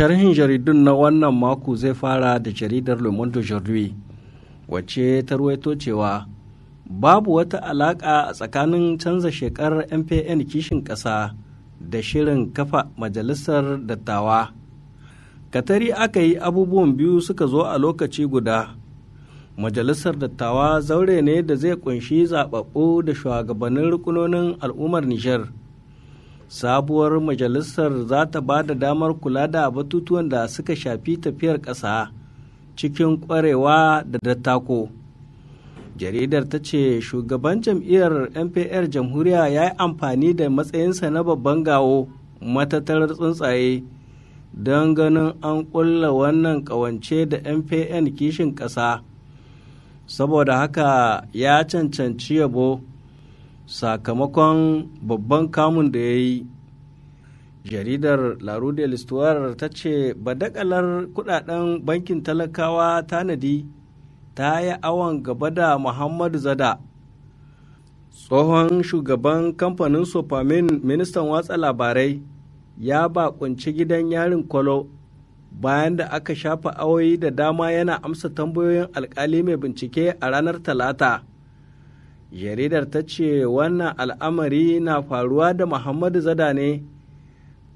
sharhin jaridun na wannan mako zai fara da jaridar le monde aujourd'hui wacce ta ruwaito cewa babu wata alaƙa a tsakanin canza shekar mpn kishin ƙasa da shirin kafa majalisar dattawa katari aka yi abubuwan biyu suka zo a lokaci guda majalisar dattawa zaure ne da zai kunshi zaɓaɓɓu da shugabannin rukunonin al'ummar nijar sabuwar majalisar za ta ba da damar kula da batutuwan da suka shafi tafiyar ƙasa cikin ƙwarewa da dattako jaridar ta ce shugaban jam'iyyar npr jamhuriya ya yi amfani da matsayinsa na babban gawo matattarar tsuntsaye don ganin an ƙulla wannan ƙawance da npn kishin ƙasa saboda haka ya cancanci yabo sakamakon babban kamun da ya yi jaridar de listuwar ta ce badakalar kudaden bankin talakawa tanadi ta yi awon gaba da muhammadu zada tsohon shugaban kamfanin sofamin ministan watsa labarai ya bakunci gidan yarin kwalo bayan da aka shafa awoyi da dama yana amsa tambayoyin alkali mai bincike a ranar talata jaridar ta ce wannan al'amari na faruwa da muhammadu zada ne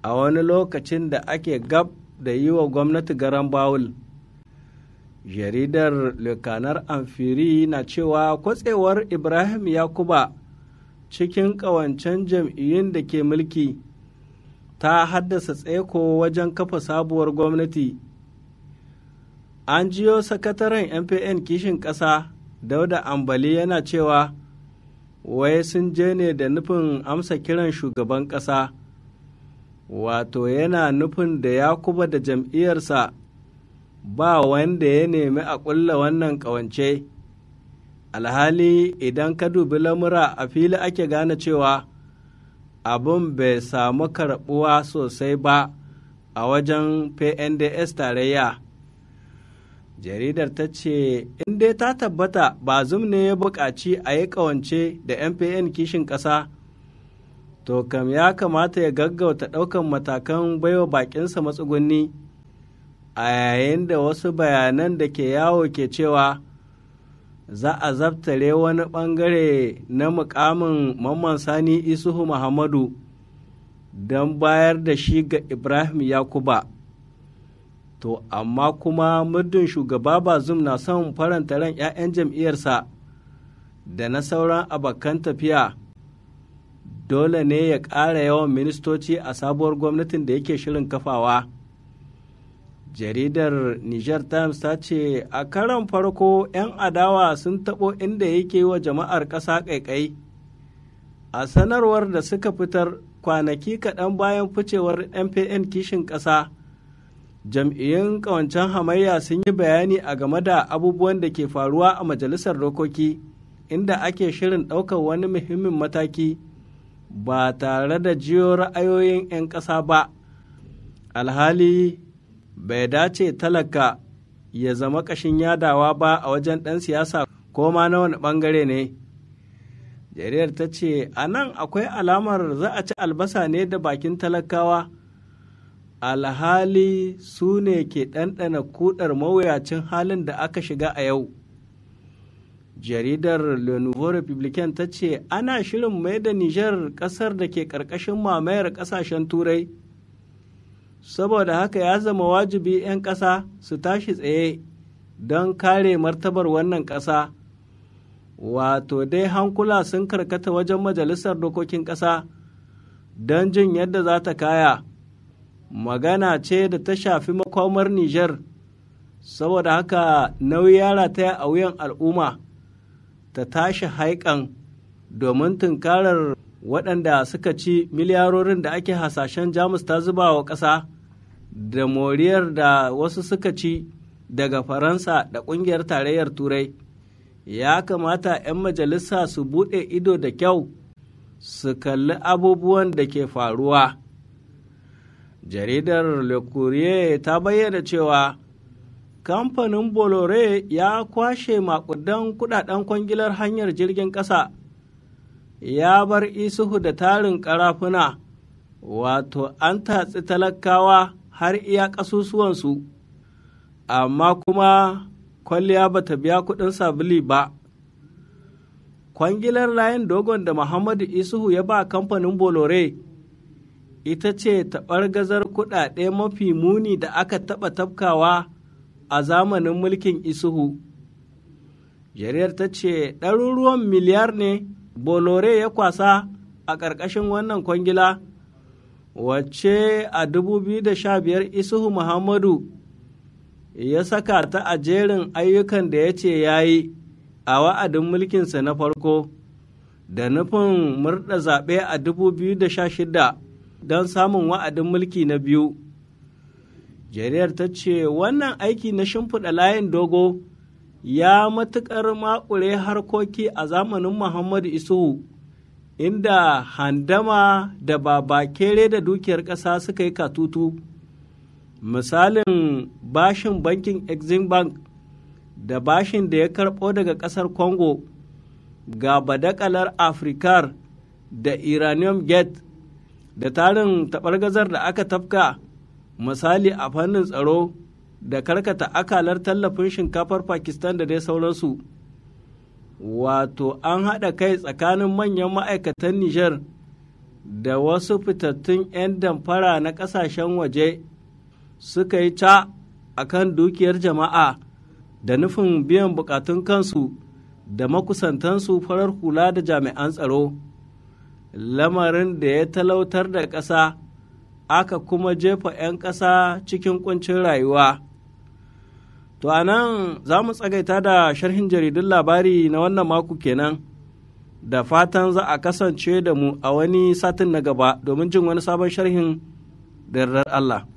a wani lokacin da ake gab da yi wa gwamnati garan bawul jaridar lekanar amfiri na cewa kwatsewar ibrahim yakuba cikin ƙawancen jam'iyyun da ke mulki ta haddasa tseko wajen kafa sabuwar gwamnati an jiyo sakataren mpn kishin ƙasa dauda ambali yana cewa wai sun je ne da nufin amsa kiran shugaban ƙasa wato yana nufin da ya yakuba da jam'iyyarsa ba wanda ya nemi a ƙulla wannan ƙawance alhali idan ka dubi lamura a fili ake gane cewa abin bai samu karɓuwa sosai ba a wajen pnds tarayya jaridar ta ce dai ta tabbata ba zum ne ya buƙaci a yi ƙawance da mpn kishin ƙasa to kam ya kamata ya gaggauta ɗaukan matakan baiwa baƙinsa matsugunni a yayin da wasu bayanan da ke yawo ke cewa za a zaftare wani ɓangare na mukamin mamman sani isuhu muhammadu don bayar da shi ga ibrahim yakuba To, amma kuma muddin shugaba Bazum na son faranta ran 'ya'yan jam'iyyarsa da na sauran abokan tafiya dole ne ya ƙara yawan ministoci a sabuwar gwamnatin da yake shirin kafawa. jaridar niger times ta ce a karan farko 'yan adawa sun taɓo inda yake wa jama'ar ƙasa ƙaiƙai a sanarwar da suka fitar kwanaki kaɗan bayan ficewar mpn kishin ƙasa jam'iyyun kawancen hamayya sun yi bayani a game da abubuwan da ke faruwa a majalisar dokoki inda ake shirin ɗaukar wani muhimmin mataki ba tare da jiyo ra'ayoyin 'yan ƙasa ba alhali bai dace talaka ya zama ƙashin yadawa ba a wajen ɗan siyasa ko ma na wani ɓangare ne jaridar ta ce a nan akwai alamar za a ci albasa ne da bakin talakawa alhali su ne ke ɗanɗana kudar mawuyacin halin da aka shiga a yau jaridar le nouveau republican ta ce ana shirin mai da nijar ƙasar da ke ƙarƙashin mamayar ƙasashen turai saboda haka ya zama wajibi 'yan ƙasa su tashi tsaye don kare martabar wannan ƙasa wato dai hankula sun karkata wajen majalisar dokokin ƙasa don jin yadda za ta kaya magana ce da ta shafi makomar Nijar, saboda haka nauyi yara ta a wuyan al'umma ta tashi haikan domin tunkarar waɗanda suka ci miliyarorin da ake hasashen Jamus ta zuba wa ƙasa da moriyar da wasu suka ci daga Faransa da ƙungiyar tarayyar Turai. Ya kamata ‘yan majalisa su buɗe ido da kyau su kalli abubuwan da ke faruwa. jaridar le courrier ta bayyana cewa kamfanin bolore ya kwashe makudan kudaden kwangilar hanyar jirgin ƙasa ya bar isuhu da tarin ƙarafuna, wato an tatsi talakawa har iya ƙasusuwansu amma kuma kwalliya ba ta biya kuɗin sabili ba kwangilar layin dogon da muhammadu isuhu ya ba kamfanin bolore ita ce taɓar gazar kuɗaɗe mafi muni da aka taɓa tafkawa a zamanin mulkin Isuhu. Jariyar ta ce ɗaruruwan miliyar ne Bolore ya kwasa a ƙarƙashin wannan kwangila, wacce a 2015 Isuhu Muhammadu ya saka ta a jerin ayyukan da ya ce ya yi a wa'adin mulkinsa na farko. da nufin murda zaɓe a 2016 don samun wa'adin mulki na biyu jariyar ta ce wannan aiki na shimfiɗa layin dogo ya matuƙar maƙure harkoki a zamanin muhammadu isuhu inda handama da babakere da dukiyar ƙasa suka yi katutu misalin bashin bankin exim bank da bashin da ya karɓo daga ƙasar congo ga badakalar afrikar da iranium gate da tarin taɓargazar da aka tafka misali a fannin tsaro da karkata akalar tallafin shinkafar pakistan da dai sauransu wato an haɗa kai tsakanin manyan ma'aikatan nijar da wasu fitattun 'yan damfara na ƙasashen waje suka yi ta a kan dukiyar jama'a da nufin biyan bukatun kansu da makusantansu farar hula da jami'an tsaro. lamarin da ya talautar da ƙasa aka kuma jefa 'yan ƙasa cikin ƙuncin rayuwa to a nan za mu tsagaita da sharhin jaridun labari na wannan mako kenan da fatan za a kasance da mu a wani satin na gaba domin jin wani sabon sharhin da Allah.